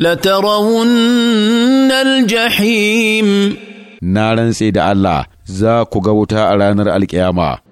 لترون الجحيم نارن سيد الله za ku ga wuta a ranar alƙiyama.